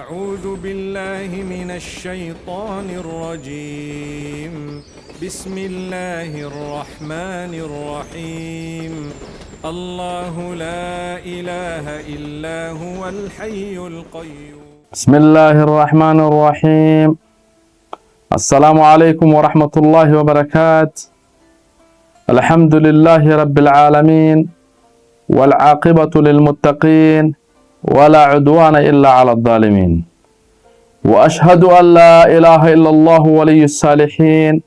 أعوذ بالله من الشيطان الرجيم بسم الله الرحمن الرحيم الله لا إله إلا هو الحي القيوم بسم الله الرحمن الرحيم السلام عليكم ورحمة الله وبركاته الحمد لله رب العالمين والعاقبة للمتقين ولا عدوان إلا على الظالمين وأشهد أن لا إله إلا الله ولي الصالحين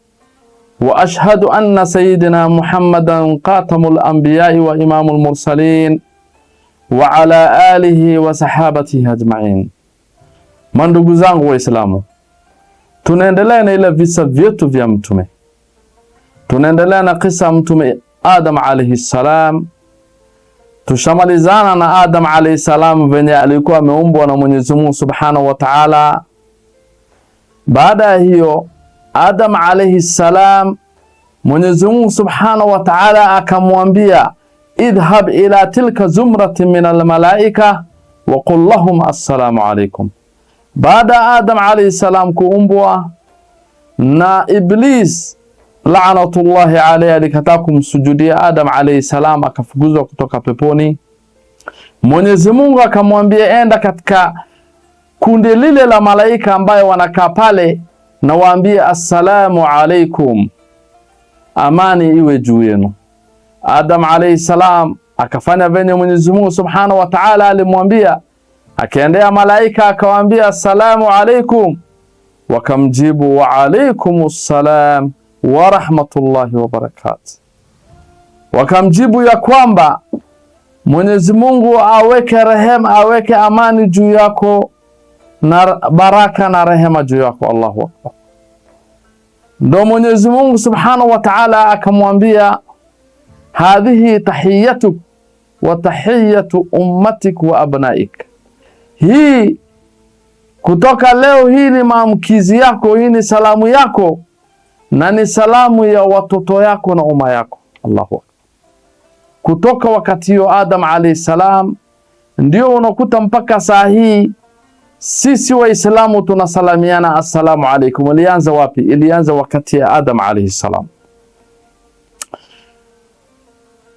وأشهد أن سيدنا محمدا قاتم الأنبياء وإمام المرسلين وعلى آله وصحابته أجمعين من دوغزانgu Waislamu إسلام na إلى visa فيتو vya mtume tunaendelea na kisa mtume Adam Tushamalizana na Adam alayhi salam venye alikuwa ameumbwa na Mwenyezi Mungu Subhanahu wa Ta'ala. Baada ya hiyo Adam alayhi salam Mwenyezi Mungu Subhanahu wa Ta'ala akamwambia idhhab ila tilka zumratin min almalaika wa qul lahum assalamu alaykum. Baada Adam alayhi salam kuumbwa na Iblis laanatullahi alayhi, alikataa kumsujudia Adam alayhi salam, akafukuzwa kutoka peponi. Mwenyezi Mungu akamwambia, enda katika kundi lile la malaika ambayo wanakaa pale, na waambie assalamu alaikum, amani iwe juu yenu. Adam alayhi salam akafanya venye Mwenyezi Mungu subhanahu wa ta'ala alimwambia, akaendea malaika akawaambia assalamu alaikum, wakamjibu wa alaikumus salam wa rahmatullahi wa barakatuh. Wakamjibu ya kwamba Mwenyezi Mungu aweke rehema, aweke amani juu yako na baraka na rehema juu yako. Allahu akbar. Ndo Mwenyezi Mungu subhanahu wa ta'ala akamwambia, hadhihi tahiyatuk wa tahiyatu ummatik wa abnaik, hii kutoka leo, hii ni maamkizi yako, hii ni salamu yako na ni salamu ya watoto yako na umma yako. Allahu kutoka wakati wa Adam alayhi salam ndio unakuta mpaka saa hii sisi Waislamu tunasalamiana assalamu alaykum. Ilianza wapi? Ilianza wakati ya Adam alayhi salam.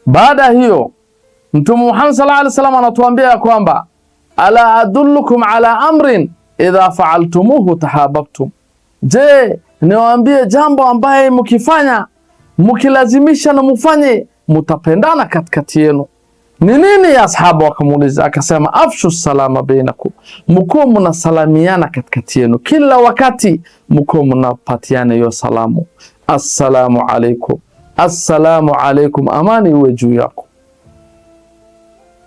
Baada hiyo Mtume Muhammad sallallahu alayhi wasallam anatuambia kwamba ala adullukum ala amrin idha faaltumuhu tahabbtum. Je, niwaambie jambo ambaye mkifanya mkilazimisha na mufanye mutapendana katikati yenu. Ni nini? Ya ashabu wakamuuliza, akasema afshu salama bainakum, mko mnasalamiana katikati yenu kila wakati, mko mnapatiana hiyo salamu, assalamu alaikum, assalamu alaikum, amani iwe juu yako.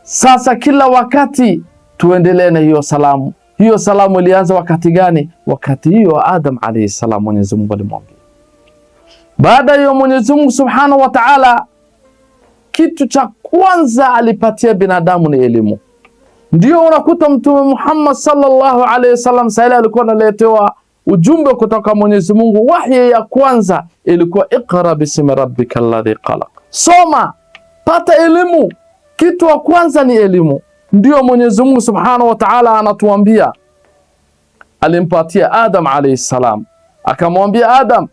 Sasa kila wakati tuendelee na hiyo salamu hiyo salamu ilianza wakati gani? Wakati hiyo Adam alayhi salam, Mwenyezi Mungu alimwambia. Baada ya Mwenyezi Mungu Subhanahu wa Ta'ala, kitu cha kwanza alipatia binadamu ni elimu. Ndio unakuta Mtume Muhammad sallallahu alayhi wasallam sahili alikuwa analetewa ujumbe kutoka Mwenyezi Mungu. Wahyi ya kwanza ilikuwa iqra bismi rabbika alladhi qalaq, soma, pata elimu. Kitu wa kwanza ni elimu. Ndio Mwenyezi Mungu Subhanahu wa Ta'ala anatuambia, alimpatia Adam alayhi salam, akamwambia Adam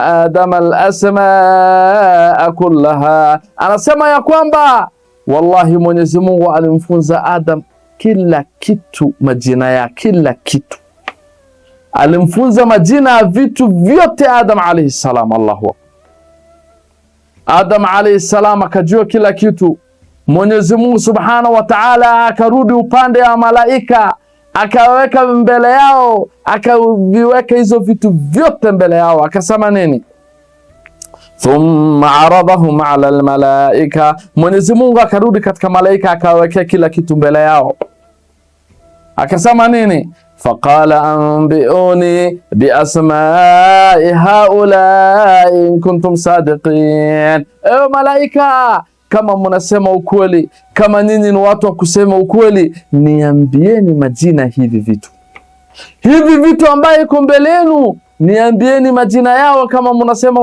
Adam al-asmaa kullaha, anasema ya kwamba wallahi Mwenyezi Mungu alimfunza Adam kila kitu, majina ya kila kitu alimfunza majina ya vitu vyote Adam alayhi salam. Allahu Akbar, Adam alayhi salam akajua kila kitu Mwenyezi Mungu Subhanahu wa Ta'ala akarudi upande wa malaika akaweka mbele yao, akaviweka hizo vitu vyote mbele yao, akasema nini? Thumma aradahum ala almalaika, Mwenyezi Mungu akarudi katika malaika akawekea kila kitu mbele yao, akasema nini? Faqala anbiuni biasmai haulai in kuntum sadiqin, ewe malaika kama mnasema ukweli, kama nyinyi ni watu wa kusema ukweli, niambieni majina hivi vitu hivi vitu ambaye iko mbele yenu, niambieni majina yao kama mnasema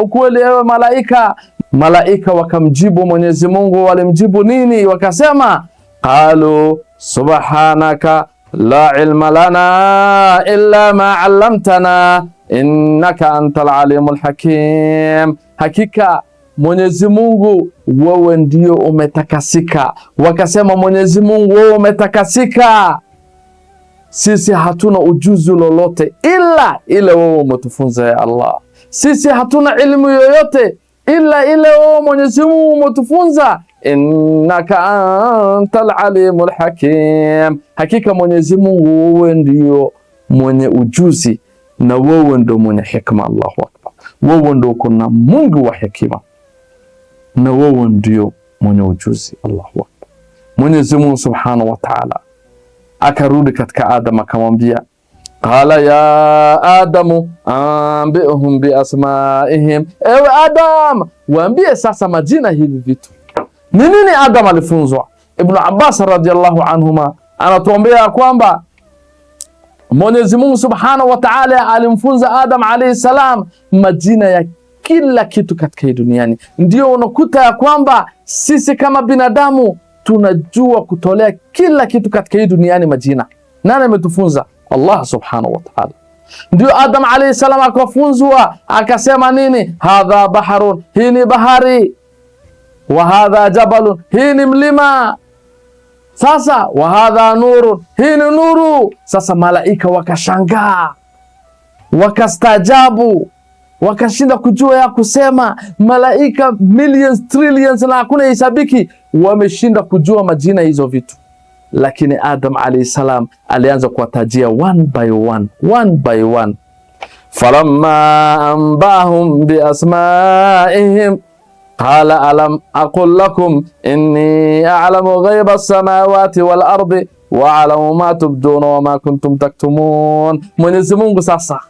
ukweli, ewe malaika. Malaika wakamjibu Mwenyezi Mungu, walimjibu nini? Wakasema qalu subhanaka la ilma lana illa ma allamtana innaka antal alimul hakim, hakika Mwenyezi Mungu wewe ndio umetakasika. Wakasema, Mwenyezi Mungu wewe umetakasika, sisi hatuna ujuzi lolote ila ile wewe umetufunza ya Allah. Sisi hatuna ilmu yoyote ila ile wewe Mwenyezi Mungu umetufunza. Innaka antal alimul hakim, hakika Mwenyezi Mungu wewe ndio mwenye ujuzi na wewe ndio mwenye hikma. Allahu akbar, wewe ndio kuna Mungu wa hikima na wewe ndio mwenye ujuzi. Allahu akbar. Mwenyezi Mungu Subhanahu wa Ta'ala akarudi katika Adam akamwambia, qala ya Adamu ambihum biasmaihim, ewe Adam waambie sasa majina hivi vitu ni nini. Adam alifunzwa. Ibn Abbas radhiyallahu anhuma anatuambia kwamba Mwenyezi Mungu Subhanahu wa Ta'ala alimfunza Adam alayhi salam majina ya kila kitu katika hii duniani. Ndio unakuta ya kwamba sisi kama binadamu tunajua kutolea kila kitu katika hii duniani majina. Nani ametufunza? Allah subhanahu wa ta'ala. Ndio Adam alayhi salam akafunzwa akasema nini? Hadha baharun, hii ni bahari. Wa hadha jabalun, hii ni mlima. Sasa wa hadha nurun, hii ni nuru. Sasa malaika wakashangaa, wakastajabu wakashinda kujua ya kusema malaika millions trillions na hakuna isabiki, wameshinda kujua majina hizo vitu. Lakini Adam alayhi salam alianza kuwatajia one by one, one by one, falamma ambahum bi asmaihim qala alam aqul lakum inni a'lamu ghaiba as-samawati wal ardi wa a'lamu ma tubduna wa ma kuntum taktumun. Mwenyezi Mungu sasa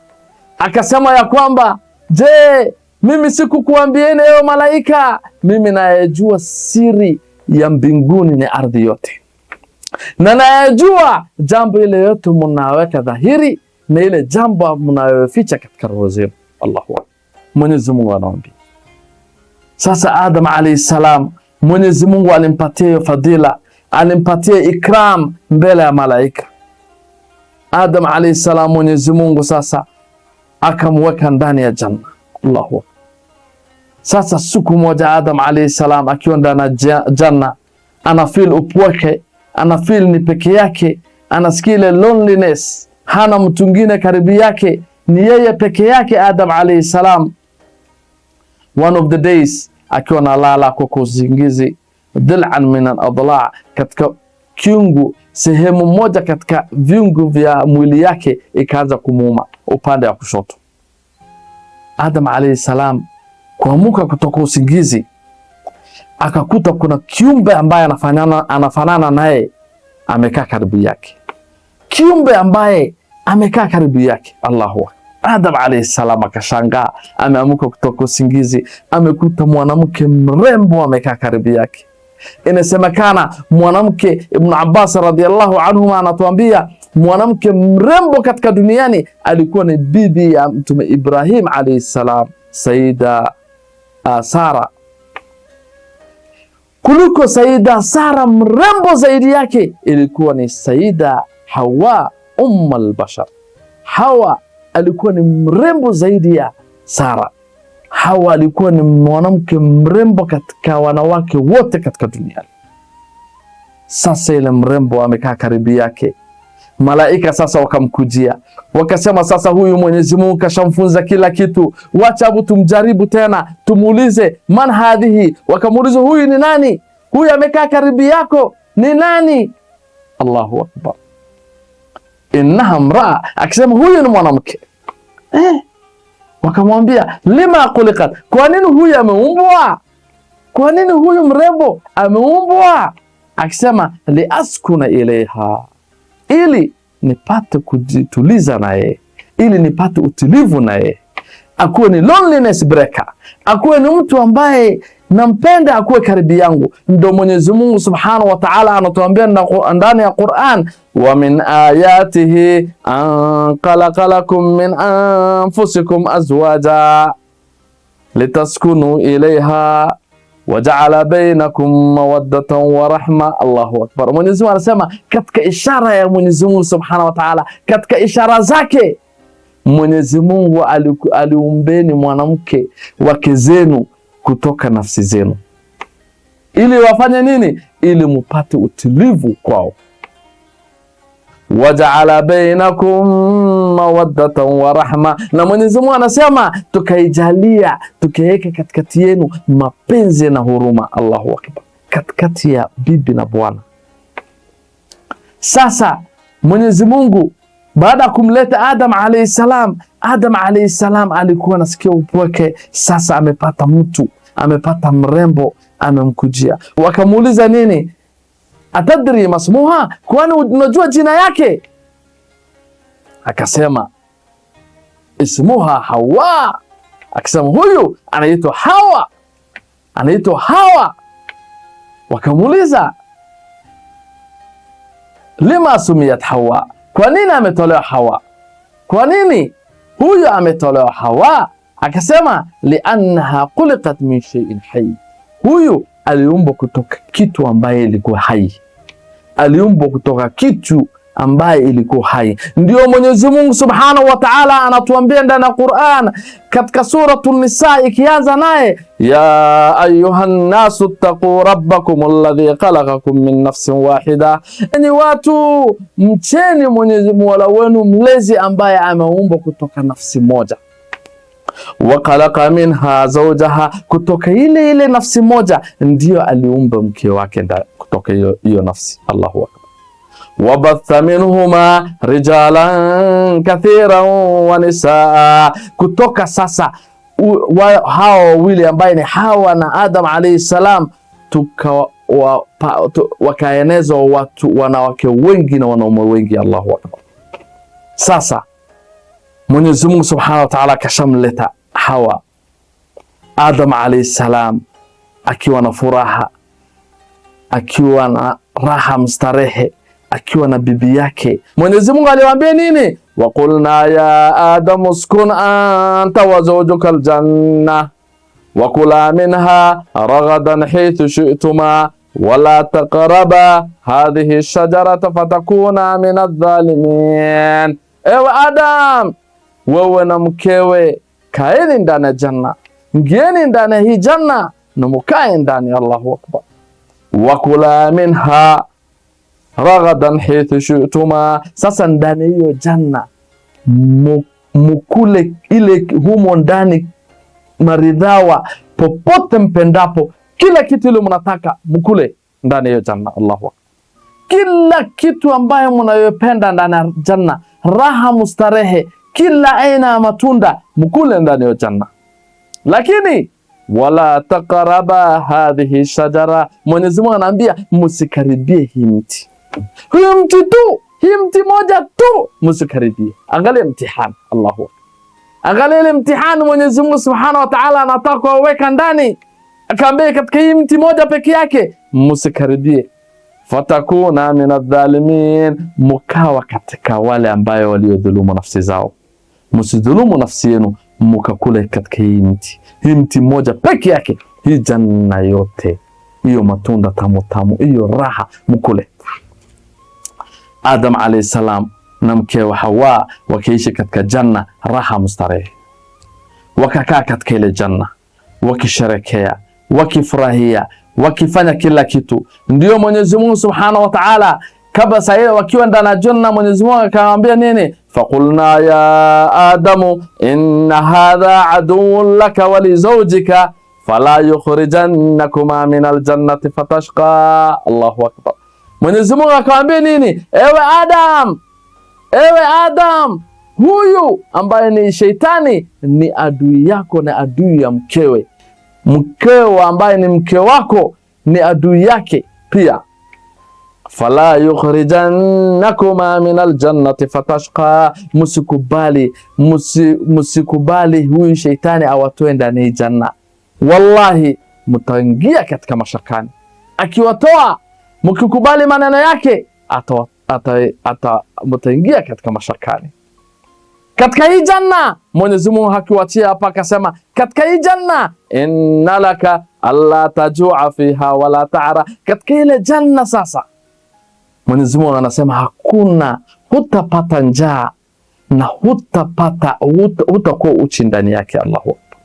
akasema ya kwamba Je, mimi sikukuambieni yo malaika, mimi nayajua siri ya mbinguni na ardhi yote, na nayajua jambo ile yote mnaweka dhahiri na ile jambo mnayoficha katika roho zenu. Allahu akbar! Mwenyezi Mungu anawaambia sasa. Adam alayhi salam, Mwenyezi Mungu alimpatia fadhila, alimpatia ikram mbele ya malaika. Adam alayhi salam, Mwenyezi Mungu sasa akamweka ndani ya janna. Allahu sasa, siku moja Adam alayhi salam akiwa ndani ya janna, ana feel upweke, ana feel ni peke yake, anasikia ile loneliness, hana mtu mwingine karibu yake, ni yeye peke yake Adam alayhi salam. One of the days akiwa nalala kwa kuzingizi, dhil'an min al-adla' katika kiungu sehemu moja katika viungu vya mwili yake ikaanza kumuuma upande wa kushoto. Adam alayhi salam kuamuka kutoka usingizi, akakuta kuna kiumbe ambaye anafanana, anafanana naye amekaa karibu yake, kiumbe ambaye amekaa karibu yake. Allahu Adam alayhi salam akashangaa, ameamuka kutoka usingizi, amekuta mwanamke mrembo amekaa karibu yake. Inasemekana mwanamke Ibn Abbas radhiallahu anhuma anatuambia mwanamke mrembo katika duniani alikuwa ni bibi ya Mtume Ibrahim alayhi salam, Saida uh, ah, Sara kuliko Saida Sara mrembo zaidi yake ilikuwa ni Saida Hawa umma albashar. Hawa alikuwa ni mrembo zaidi ya Sara. Hawa alikuwa ni mwanamke mrembo katika wanawake wote katika dunia Sasa ile mrembo amekaa karibu yake, malaika sasa wakamkujia wakasema, sasa huyu Mwenyezi Mungu kashamfunza kila kitu, wacha hebu tumjaribu tena, tumuulize man hadhihi. Wakamuuliza, huyu ni nani? Huyu amekaa karibu yako ni nani? Allahu akbar, innaha mraa, akisema huyu ni mwanamke eh. Wakamwambia lima khuliqat, kwa nini huyu ameumbwa? Kwa nini huyu mrembo ameumbwa? Akisema liaskuna ilaiha, ili nipate kujituliza naye, ili nipate utulivu naye, akuwe ni loneliness breaker, akuwe ni mtu ambaye nampenda akuwe karibu yangu. Ndio Mwenyezi Mungu Subhanahu wa Ta'ala anatuambia ndani ya Qur'an, wa min ayatihi an khalaqa lakum min anfusikum azwaja litaskunu ilayha wa ja'ala bainakum mawaddatan wa rahma. Allahu akbar. Mwenyezi Mungu anasema katika ishara ya Mwenyezi Mungu Subhanahu wa Ta'ala, katika ishara zake Mwenyezi Mungu aliumbeni mwanamke wake zenu kutoka nafsi zenu, ili wafanye nini? Ili mupate utulivu kwao. Wajaala bainakum mawaddatan wa rahma, na Mwenyezi Mungu anasema tukaijalia, tukaweka katikati yenu mapenzi na huruma. Allahu akbar, katikati ya bibi na bwana. Sasa Mwenyezi Mungu baada ya kumleta Adam alayhi salam. Adam alayhi salam alikuwa nasikia upweke, sasa amepata mtu, amepata mrembo amemkujia. Wakamuuliza nini, atadri masmuha, kwani unajua jina yake? Akasema ismuha Hawa, akasema huyu anaitwa Hawa, anaitwa Hawa. Wakamuuliza lima sumiyat Hawa kwa nini ametolewa Hawa? Kwa nini huyu ametolewa Hawa? Akasema liannaha khuliqat min shay'in hay huyu aliumbwa kutoka kitu ambaye ilikuwa hai, aliumbwa kutoka kitu ambaye ilikuwa hai. Ndio Mwenyezi Mungu Subhanahu wa Ta'ala anatuambia ndani ya Qur'an katika suratu Nisa ikianza naye, ya ayuhan nasu ttaquu rabbakum alladhi khalaqakum min nafsin wahida, ni watu mcheni Mwenyezi Mola wenu mlezi ambaye ameumba kutoka nafsi moja wa khalaqa minha zawjaha, kutoka ile ile nafsi moja ndio aliumba mke wake kutoka hiyo nafsi. Allahu akbar wabatha minhuma rijalan kathiran wa nisaa. Kutoka sasa wa, hao wawili ambaye ni Hawa na Adam alayhi salam wakaenezwa wa, watu wanawake wengi na wanaume wengi. Allahu akbar! Sasa Mwenyezi Mungu subhanahu wa ta'ala kashamleta Hawa Adam alayhi salam akiwa na furaha akiwa na raha mstarehe akiwa na bibi yake. Mwenyezi Mungu aliwaambia nini? Waqulna ya adamu uskun anta wa zawjuka aljanna wakula minha ragadan haythu shi'tuma wala taqraba hadhihi shajarata fatakuna min adh-dhalimin. Ewe Adam, wewe na mkewe kaeni ndani ya janna, ngieni ndani ya hii janna na mukae ndani. Allahu akbar. wakula minha raghadan hithu shutuma. Sasa ndani hiyo janna mukule ile humo ndani maridhawa, popote mpendapo, kila kitu ile mnataka mkule ndani hiyo janna. Allahu akbar, kila kitu ambayo mnayopenda ndani ya janna, raha, mustarehe, kila aina ya matunda mkule ndani ya janna, lakini wala taqraba hadhihi shajara, Mwenyezi Mungu anaambia msikaribie hii mti huyu mtu tu, hii mti moja tu, msikaribie. Angalia mtihani, Allahu angalia ile mtihani Mwenyezi Mungu Subhanahu wa Ta'ala anataka kuweka ndani, akaambia katika hii mti moja peke yake msikaribie. Fatakuna min adh-dhalimin, mukawa katika wale ambayo waliodhulumu nafsi zao. Msidhulumu nafsi yenu mukakula katika hii mti, hii mti moja peke yake, hii janna yote hiyo, matunda tamu tamu, hiyo raha mukule. آدم عليه السلام نمك وحواء وكيش كتك جنة راحة مستريح وكاكا كتك جنة وكي شركية وكي فراهية وكي فانا كلا كتو نديو من يزمون سبحانه وتعالى كبا سايد وكي واندانا جنة من يزمون كان نيني فقلنا يا آدم إن هذا عدو لك ولزوجك فلا يخرجنكما من الجنة فتشقى الله أكبر Mwenyezi Mungu akamwambia nini? Ewe Adam, ewe Adam, huyu ambaye ni sheitani ni adui yako na adui ya mkewe. Mkewe ambaye ni mke wako ni adui yake pia. Fala yukhrijannakuma min aljannati fatashqa, musikubali musi, musikubali huyu sheitani awatoe ndani ya janna. Wallahi mtaingia katika mashakani akiwatoa mkikubali maneno yake ataingia ata, ata, katika mashakani. Katika hii janna Mwenyezi Mungu hakiwachia hapa, akasema katika hii janna inna laka alla tajua fiha wala taara, katika ile janna sasa Mwenyezi Mungu anasema hakuna, hutapata njaa na hutapata hutakuwa uchi ndani yake. Allahu akbar!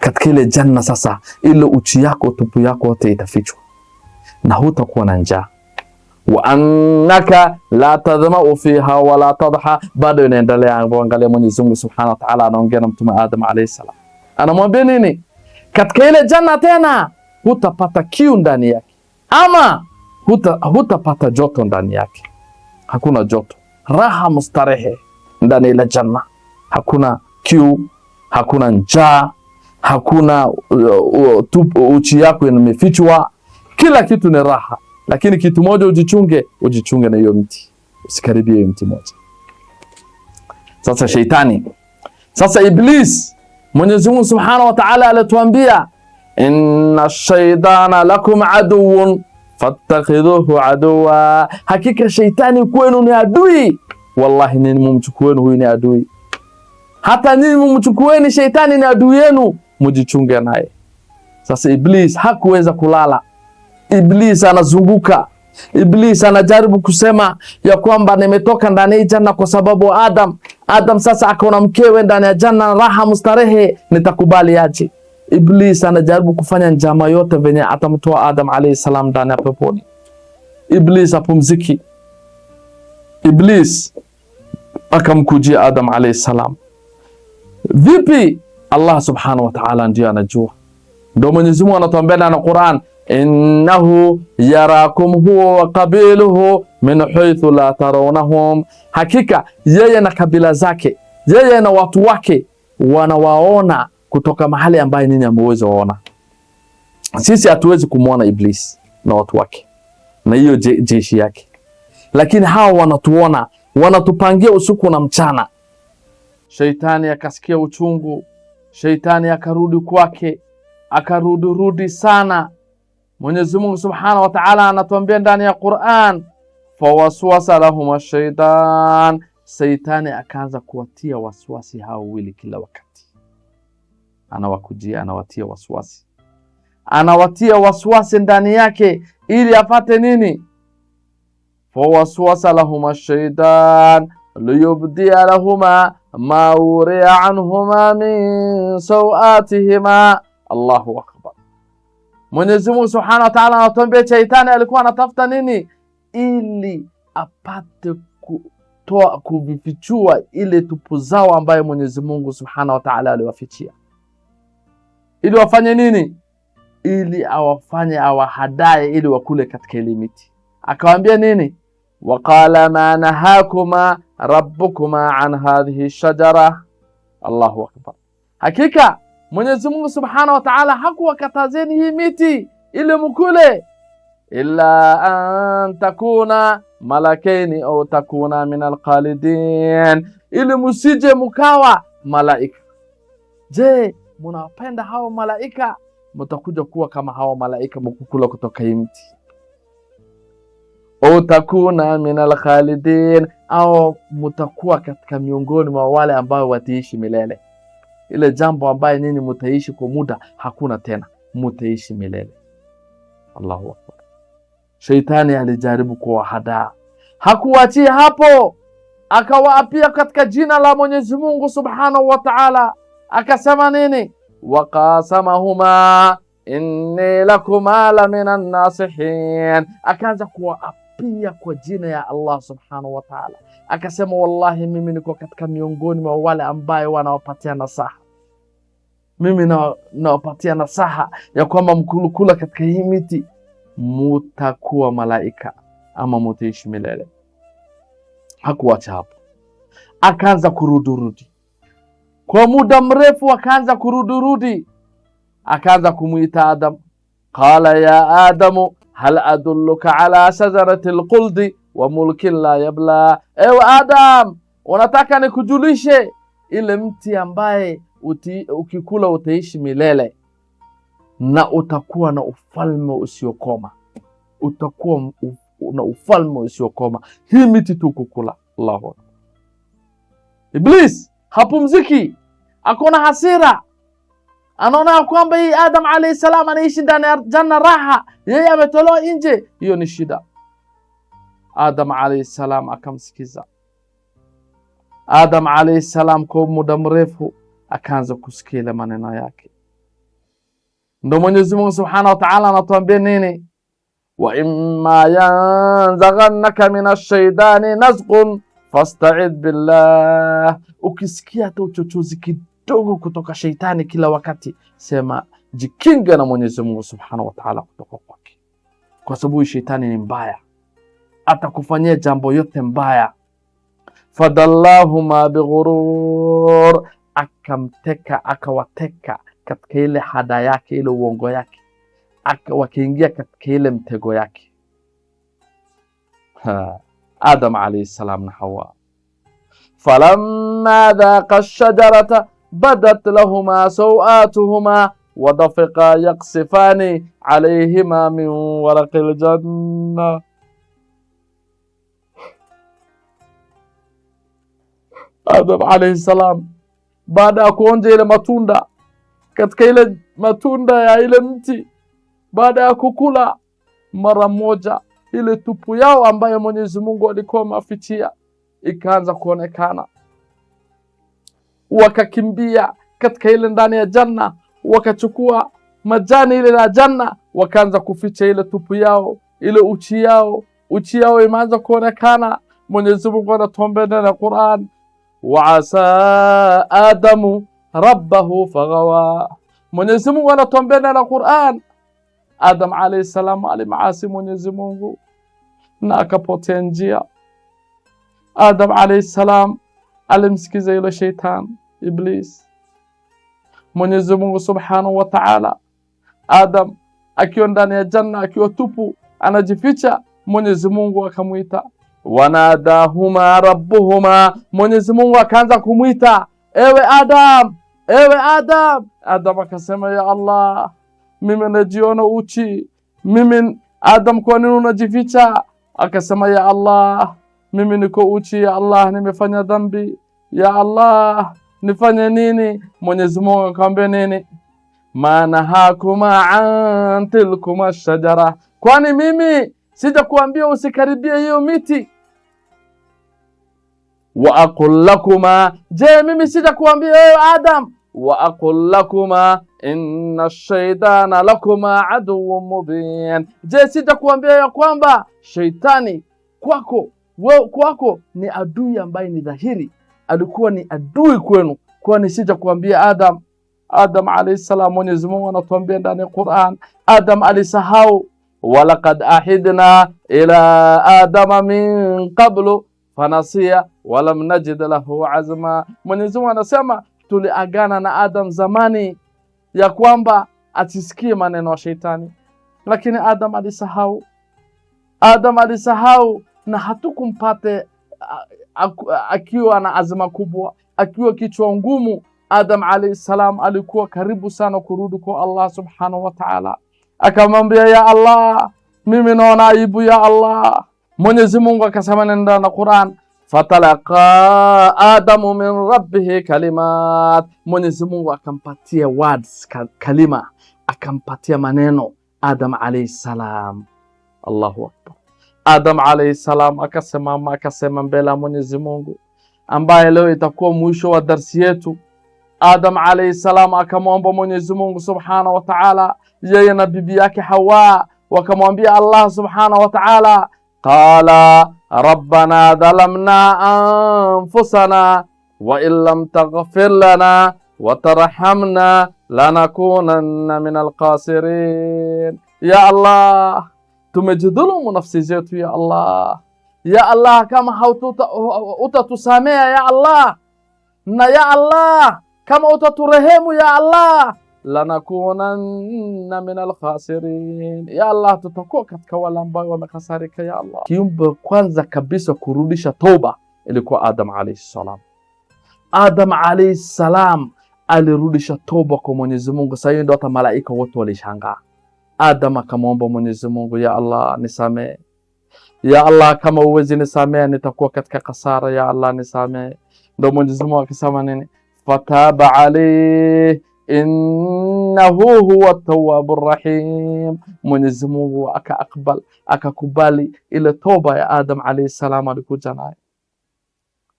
Katika ile janna sasa ile uchi yako tupu yako yote itafichwa na hutakuwa na njaa wa annaka la tadhma'u fiha wa la tadha. Bado inaendelea kuangalia Mwenyezi Mungu Subhanahu wa Ta'ala, anaongea na Mtume Adam alayhi salam, anamwambia nini? Katika ile janna tena hutapata kiu ndani yake, ama huta hutapata joto ndani yake. Hakuna joto, raha mustarehe ndani ile janna, hakuna kiu, hakuna njaa, hakuna uh, uh, uchi yako imefichwa kila kitu ni raha, lakini kitu moja ujichunge, ujichunge na hiyo mti, usikaribie hiyo mti moja. Sasa sheitani, sasa Iblis, Mwenyezi Mungu Subhanahu wa Ta'ala alituambia inna shaytana lakum aduwwun fattakhidhuhu aduwa, hakika sheitani kwenu ni adui. Wallahi nini mumchukueni huyu ni adui, hata nini mumchukueni, sheitani ni adui yenu, mujichunge naye. Sasa Iblis hakuweza kulala Iblis anazunguka, Iblis anajaribu kusema ya kwamba nimetoka ndani ya janna kwa sababu Adam. Adam sasa akaona mkewe ndani ya janna, raha mustarehe, nitakubali aje? Iblis anajaribu kufanya njama yote venye atamtoa Adam alayhi salam ndani ya peponi. Iblis apumziki. Iblis akamkujia Adam alayhi salam vipi? Allah subhanahu wa ta'ala ndiye anajua, ndio Mwenyezi Mungu anatuambia na Qur'an innahu yarakum huwa wa qabiluhu min haythu la tarawnahum, hakika yeye na kabila zake, yeye na watu wake wanawaona kutoka mahali ambaye ninyi hamwezi waona. Sisi hatuwezi kumwona Iblis na watu wake na hiyo je, jeshi yake, lakini hawa wanatuona, wanatupangia usiku na mchana. Sheitani akasikia uchungu, sheitani akarudi kwake, akarudi rudi sana Mwenyezi Mungu Subhanahu wa Ta'ala anatuambia ndani ya Qur'an, fawaswasa lahum shaitan, Seitani akaanza kuwatia waswasi hao wawili kila wakati, anawakujia anawatia waswasi, anawatia waswasi ndani yake ili apate nini? fawaswasa lahum shaitan liyubdia lahuma ma uriya anhuma min sawatihima. Allahu akbar. Mwenyezi Mungu Subhanahu wa Ta'ala anatuambia shaitani alikuwa anatafuta nini? Ili apate kutoa kuvifichua ile tupu zao ambayo Mwenyezi Mungu Subhanahu wa Ta'ala aliwafichia. Ili wafanye nini? Ili awafanye awahadaye, ili wakule katika ile miti. Akawaambia nini? Waqala ma nahakuma rabbukuma an hadhihi shajara. Allahu akbar. Hakika Mwenyezi Mungu Subhanahu wa Ta'ala hakuwakatazeni hii miti ili mkule, illa an takuna malakaini au takuna min alqalidin, ili msije mkawa malaika. Je, munawapenda hao malaika? Mtakuja kuwa kama hao malaika mkukula kutoka hii mti au takuna min alqalidin, au mtakuwa katika miongoni mwa wale ambao watiishi milele ile jambo ambaye nini mtaishi kwa muda, hakuna tena, mtaishi milele. Allahu akbar. Shaitani alijaribu kuwahadaa, hakuwachia hapo, akawaapia katika jina la Mwenyezi Mungu Subhanahu wa Ta'ala, akasema nini? waqasamahuma inni lakuma la minan nasihin, akaanza kuwaapia kwa jina ya Allah Subhanahu wa Ta'ala akasema, wallahi, mimi niko katika miongoni mwa wale ambaye wanawapatia nasaha mimi nawapatia nasaha ya kwamba mkulukula katika hii miti mutakuwa malaika ama mutaishi milele. Hakuacha hapo, akaanza kurudurudi kwa muda mrefu, akaanza kurudurudi, akaanza kumwita Adam, qala ya Adamu hal adulluka ala shajarati lquldi wa mulkin la yabla. Ewe Adam, unataka nikujulishe ile mti ambaye uti, ukikula utaishi milele na utakuwa na ufalme usiokoma, utakuwa na ufalme usiokoma. Hii miti tu kukula. Allahu Iblis hapumziki, akona hasira, anaona kwamba hii Adam alayhi salam anaishi ndani ya janna raha, yeye ametolewa nje. Hiyo ni shida. Adam alayhi salam akamsikiza. Adam alayhi salam kwa muda mrefu akaanza kusikia ile maneno yake. Ndo Mwenyezi Mungu Subhanahu wa Ta'ala anatuambia nini? Wa imma yanzaghannaka minash shaitani nazghun fasta'id billah, ukisikia hata uchochozi kidogo kutoka shaitani kila wakati, sema jikinga na Mwenyezi Mungu Subhanahu wa Ta'ala kutoka kwake, kwa sababu shaitani ni mbaya. atakufanyia jambo yote mbaya. Fadallahuma bighurur, akamteka akawateka katika ile hada yake, ile uongo yake, wakaingia katika ile mtego yake. Adam alayhi salam na Hawa. Falamma dhaqa ash-shajarata badat lahuma sawatuhuma wa dafiqa yaqsifani alayhima min waraqil janna Adam alayhi salam, baada ya kuonja ile matunda katika ile matunda ya ile mti, baada ya kukula mara moja, ile tupu yao ambayo Mwenyezi Mungu alikuwa amewafichia ikaanza kuonekana, wakakimbia katika ile ndani ya janna, wakachukua majani ile la janna, wakaanza kuficha ile tupu yao, ile uchi yao, uchi yao imeanza kuonekana. Mwenyezi Mungu anatuombea ndani ya Qur'an wa adamu rabbahu faghawa. Mwenyezi Mungu anatuambia ndani ya Qur'an, Adam alayhi salam alimaasi Mwenyezi Mungu na akapotea njia. Adam alayhi salam alimsikiza yule shaitan Iblis. Mwenyezi Mungu subhanahu wa ta'ala, Adam akiwa ndani ya janna akiwa tupu anajificha, Mwenyezi Mungu akamuita wanadahuma rabbuhuma, Mwenyezi Mungu akaanza kumwita ewe Adam, ewe Adam. Adam akasema ya Allah, mimi najiona uchi mimi. Adam, kwa nini unajificha? Akasema ya Allah, mimi niko uchi ya Allah, nimefanya dhambi ya Allah, nifanye nini? Mwenyezi Mungu akamwambia nini? manahakuma an tilkuma shajara, kwani mimi sijakuambia usikaribie hiyo miti wa aqul lakuma, je mimi sitakuambia wewe Adam, wa aqul lakuma inna shaitana lakuma aduwwun mubin, je sitakuambia ya kwamba shaitani kwako wewe kwako ni adui ambaye ni dhahiri, alikuwa ni adui kwenu. Kwani sitakuambia Adam? Adam alayhi salam, Mwenyezi Mungu anatuambia ndani ya Qur'an, Adam alisahau, walaqad ahidna ila adama min qablu fanasia walam najid lahu azma. Mwenyezi Mungu anasema tuliagana na Adam zamani ya kwamba asisikie maneno ya Sheitani, lakini Adam alisahau. Adam alisahau na hatukumpate akiwa na azma kubwa, akiwa kichwa ngumu. Adam alayhi salam alikuwa karibu sana kurudi kwa Allah subhanahu wa ta'ala, akamwambia ya Allah, mimi naona aibu ya Allah Mwenyezi Mungu akasema nenda na Qur'an, fatalaqa Adamu min rabbihi kalimat, Mwenyezi Mungu akampatia words kalima, akampatia maneno Adam alayhi salam. Allahu akbar. Adam alayhi salam akasimama akasema mbele ya Mwenyezi Mungu, ambaye leo itakuwa mwisho wa darsi yetu. Adam alayhi salam akamwomba Mwenyezi Mungu subhanahu wa ta'ala, yeye na bibi yake Hawa wakamwambia Allah subhanahu wa ta'ala قال ربنا ظلمنا أنفسنا وإن لم تغفر لنا وترحمنا لنكونن من القاسرين يا الله تمجدلوا نفسي زيت يا الله يا الله كم حوت تسامي يا الله نا يا الله كم أوتت رحم يا الله lanakunanna min alkhasirin. Ya Allah, tutakuwa katika wale ambao wamekasarika. Ya Allah, kiumbe kwanza kabisa kurudisha toba ilikuwa Adam alayhi salam. Adam alayhi salam alirudisha toba kwa Mwenyezi Mungu. Sasa ndio hata malaika wote walishangaa. Adam akamwomba Mwenyezi Mungu, ya Allah nisamee, ya Allah kama uwezi nisamee, nitakuwa katika kasara. Ya Allah nisamee. Ndio Mwenyezi Mungu akisema nini? fataba alayhi innahu huwa tawaabu rahiim Mwenyezi Mungu akaakbal akakubali ile toba ya Adam alayhi salam alikuja naye.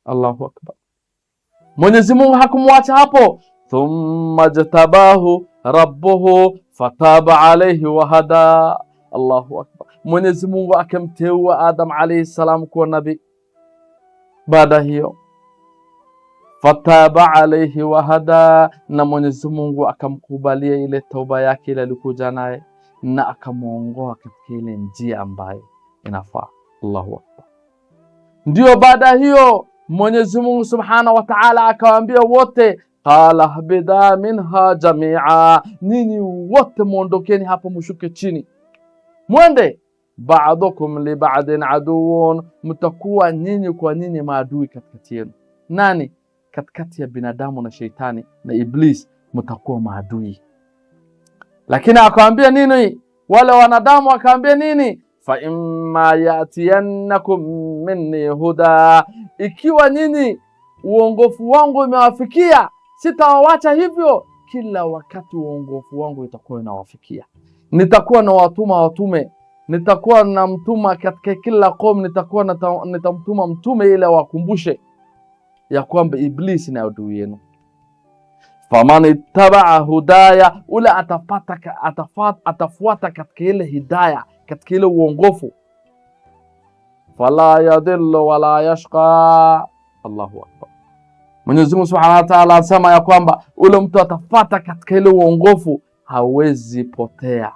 Allahu akbar. Mwenyezi Mungu hakumwacha hapo, thumma jtabahu rabbuhu fataba alayhi wa hada. Allahu akbar. Mwenyezi Mungu akamteua Adam alayhi salam kuwa nabii. Baada hiyo fataba alaihi wahada, na Mwenyezi Mungu akamkubalia ile toba yake ile alikuja naye na akamwongoa katika ile njia ambayo inafaa. Allahu akbar! Ndio baada hiyo Mwenyezi Mungu subhanahu wa taala akawaambia wote, qala habida minha jamia, nini wote mwondokeni hapo, mushuke chini mwende ba'dukum li ba'din aduwun, mtakuwa nyinyi kwa nyinyi maadui katikati yenu. Nani? katikati ya binadamu na sheitani na Iblis, mtakuwa maadui. Lakini akawaambia nini wale wanadamu? Akawaambia nini? fa imma yatiyannakum minni huda, ikiwa nini uongofu wangu umewafikia sitawawacha hivyo, kila wakati uongofu wangu itakuwa inawafikia. Nitakuwa na watuma watume, nitakuwa na mtuma katika kila kom, nitakuwa nitamtuma mtume ili awakumbushe ya kwamba Iblisi ni adui yenu. Faman ittabaa hudaya, ule atafuata katika ile hidaya, katika ile uongofu, fala yadhillu wala yashqa. Allahu akbar. Mwenyezi Mungu Subhanahu wa Ta'ala asema ya kwamba ule mtu atafata katika ile uongofu hawezi potea,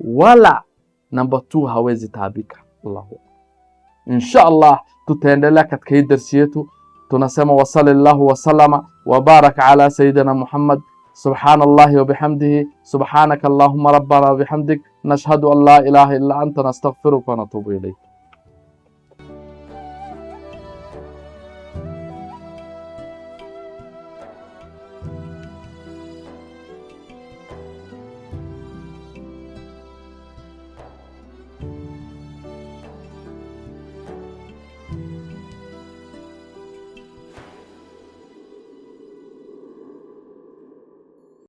wala namba 2 hawezi taabika. Allahu akbar. Insha Allah tutaendelea katika hii darsi yetu. تنسم وصل الله وسلم وبارك على سيدنا محمد سبحان الله وبحمده سبحانك اللهم ربنا وبحمدك نشهد أن لا إله إلا أنت نستغفرك ونتوب إليك